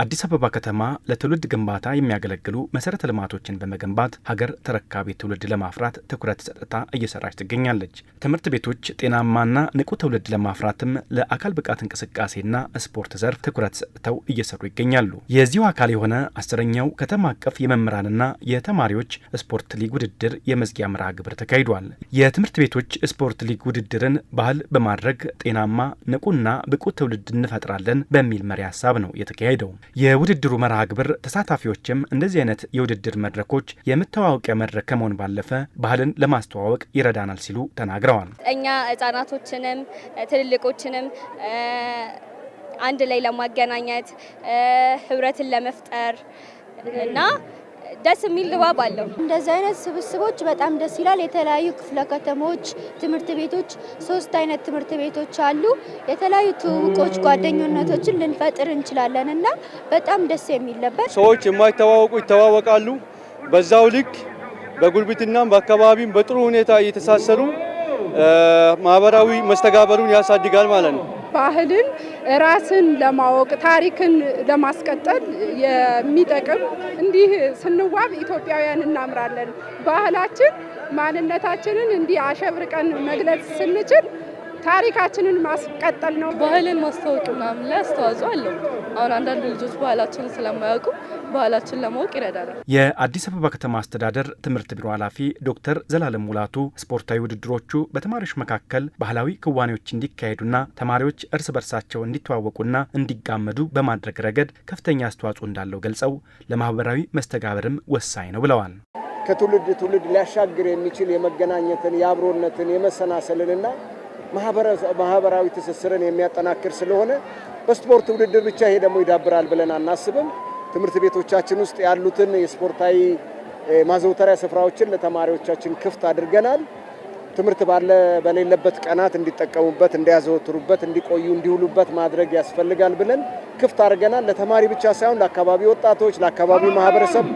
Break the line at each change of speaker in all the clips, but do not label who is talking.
አዲስ አበባ ከተማ ለትውልድ ግንባታ የሚያገለግሉ መሰረተ ልማቶችን በመገንባት ሀገር ተረካቢ ትውልድ ለማፍራት ትኩረት ሰጥታ እየሰራች ትገኛለች። ትምህርት ቤቶች ጤናማና ንቁ ትውልድ ለማፍራትም ለአካል ብቃት እንቅስቃሴና ስፖርት ዘርፍ ትኩረት ሰጥተው እየሰሩ ይገኛሉ። የዚሁ አካል የሆነ አስረኛው ከተማ አቀፍ የመምህራንና የተማሪዎች ስፖርት ሊግ ውድድር የመዝጊያ መርሃ ግብር ተካሂዷል። የትምህርት ቤቶች ስፖርት ሊግ ውድድርን ባህል በማድረግ ጤናማ ንቁና ብቁ ትውልድ እንፈጥራለን በሚል መሪ ሀሳብ ነው የተካሄደው። የውድድሩ መርሃ ግብር ተሳታፊዎችም እንደዚህ አይነት የውድድር መድረኮች የመተዋወቂያ መድረክ ከመሆን ባለፈ ባህልን ለማስተዋወቅ ይረዳናል ሲሉ ተናግረዋል።
እኛ ህጻናቶችንም ትልልቆችንም አንድ ላይ ለማገናኘት ህብረትን ለመፍጠር እና ደስ የሚል ድባብ አለው።
እንደዚህ አይነት ስብስቦች በጣም ደስ ይላል። የተለያዩ ክፍለ ከተሞች ትምህርት ቤቶች፣ ሶስት አይነት ትምህርት ቤቶች አሉ። የተለያዩ ትውውቆች፣ ጓደኝነቶችን ልንፈጥር እንችላለን እና በጣም ደስ የሚል ነበር።
ሰዎች የማይተዋወቁ ይተዋወቃሉ። በዛው ልክ በጉልብትና በአካባቢም በጥሩ ሁኔታ እየተሳሰሩ ማህበራዊ መስተጋበሩን ያሳድጋል ማለት ነው።
ባህልን ራስን ለማወቅ ታሪክን ለማስቀጠል የሚጠቅም እንዲህ ስንዋብ ኢትዮጵያውያን እናምራለን። ባህላችን ማንነታችንን እንዲህ አሸብርቀን መግለጽ ስንችል ታሪካችንን ማስቀጠል ነው።
ባህልን ማስታወቅ ምናምን ላይ አስተዋጽኦ አለው። አሁን አንዳንድ ልጆች ባህላችንን ስለማያውቁ ባህላችን ለማወቅ ይረዳል።
የአዲስ አበባ ከተማ አስተዳደር ትምህርት ቢሮ ኃላፊ ዶክተር ዘላለም ሙላቱ ስፖርታዊ ውድድሮቹ በተማሪዎች መካከል ባህላዊ ክዋኔዎች እንዲካሄዱና ተማሪዎች እርስ በርሳቸው እንዲተዋወቁና እንዲጋመዱ በማድረግ ረገድ ከፍተኛ አስተዋጽኦ እንዳለው ገልጸው ለማህበራዊ መስተጋብርም ወሳኝ ነው ብለዋል።
ከትውልድ ትውልድ ሊያሻግር የሚችል የመገናኘትን፣ የአብሮነትን፣ የመሰናሰልንና ማህበራዊ ትስስርን የሚያጠናክር ስለሆነ በስፖርት ውድድር ብቻ ይሄ ደግሞ ይዳብራል ብለን አናስብም። ትምህርት ቤቶቻችን ውስጥ ያሉትን የስፖርታዊ ማዘውተሪያ ስፍራዎችን ለተማሪዎቻችን ክፍት አድርገናል። ትምህርት ባለ በሌለበት ቀናት እንዲጠቀሙበት፣ እንዲያዘወትሩበት፣ እንዲቆዩ፣ እንዲውሉበት ማድረግ ያስፈልጋል ብለን ክፍት አድርገናል። ለተማሪ ብቻ ሳይሆን ለአካባቢ ወጣቶች፣ ለአካባቢ ማህበረሰብ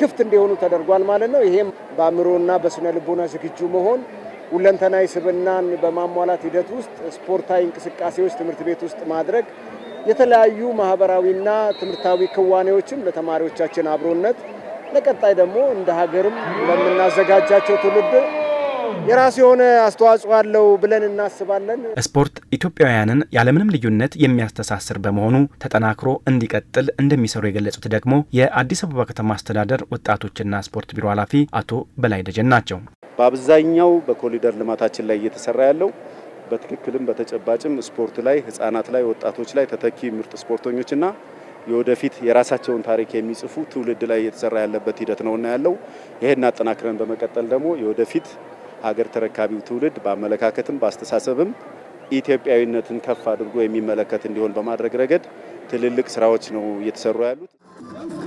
ክፍት እንዲሆኑ ተደርጓል ማለት ነው። ይሄም በአእምሮና በስነ ልቦና ዝግጁ መሆን ሁለንተናዊ ስብናን በማሟላት ሂደት ውስጥ ስፖርታዊ እንቅስቃሴዎች ትምህርት ቤት ውስጥ ማድረግ የተለያዩ ማህበራዊና ትምህርታዊ ክዋኔዎችን ለተማሪዎቻችን አብሮነት ለቀጣይ ደግሞ እንደ ሀገርም ለምናዘጋጃቸው ትውልድ የራሱ የሆነ አስተዋጽኦ አለው ብለን እናስባለን።
ስፖርት ኢትዮጵያውያንን ያለምንም ልዩነት የሚያስተሳስር በመሆኑ ተጠናክሮ እንዲቀጥል እንደሚሰሩ የገለጹት ደግሞ የአዲስ አበባ ከተማ አስተዳደር ወጣቶችና ስፖርት ቢሮ ኃላፊ አቶ በላይ ደጀን ናቸው።
በአብዛኛው በኮሊደር ልማታችን ላይ እየተሰራ ያለው በትክክልም በተጨባጭም ስፖርት ላይ ህጻናት ላይ ወጣቶች ላይ ተተኪ ምርጥ ስፖርተኞችና የወደፊት የራሳቸውን ታሪክ የሚጽፉ ትውልድ ላይ እየተሰራ ያለበት ሂደት ነው እና ያለው ይህን አጠናክረን በመቀጠል ደግሞ የወደፊት ሀገር ተረካቢው ትውልድ በአመለካከትም በአስተሳሰብም ኢትዮጵያዊነትን ከፍ አድርጎ የሚመለከት እንዲሆን በማድረግ ረገድ ትልልቅ ስራዎች ነው እየተሰሩ ያሉት።